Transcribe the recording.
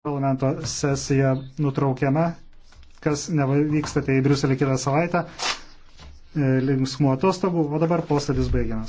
parlamento sesija nutraukiama, kas nevykstate į Briuselį kitą savaitę, e, linksmų atostogų, o dabar posėdis baigiamas.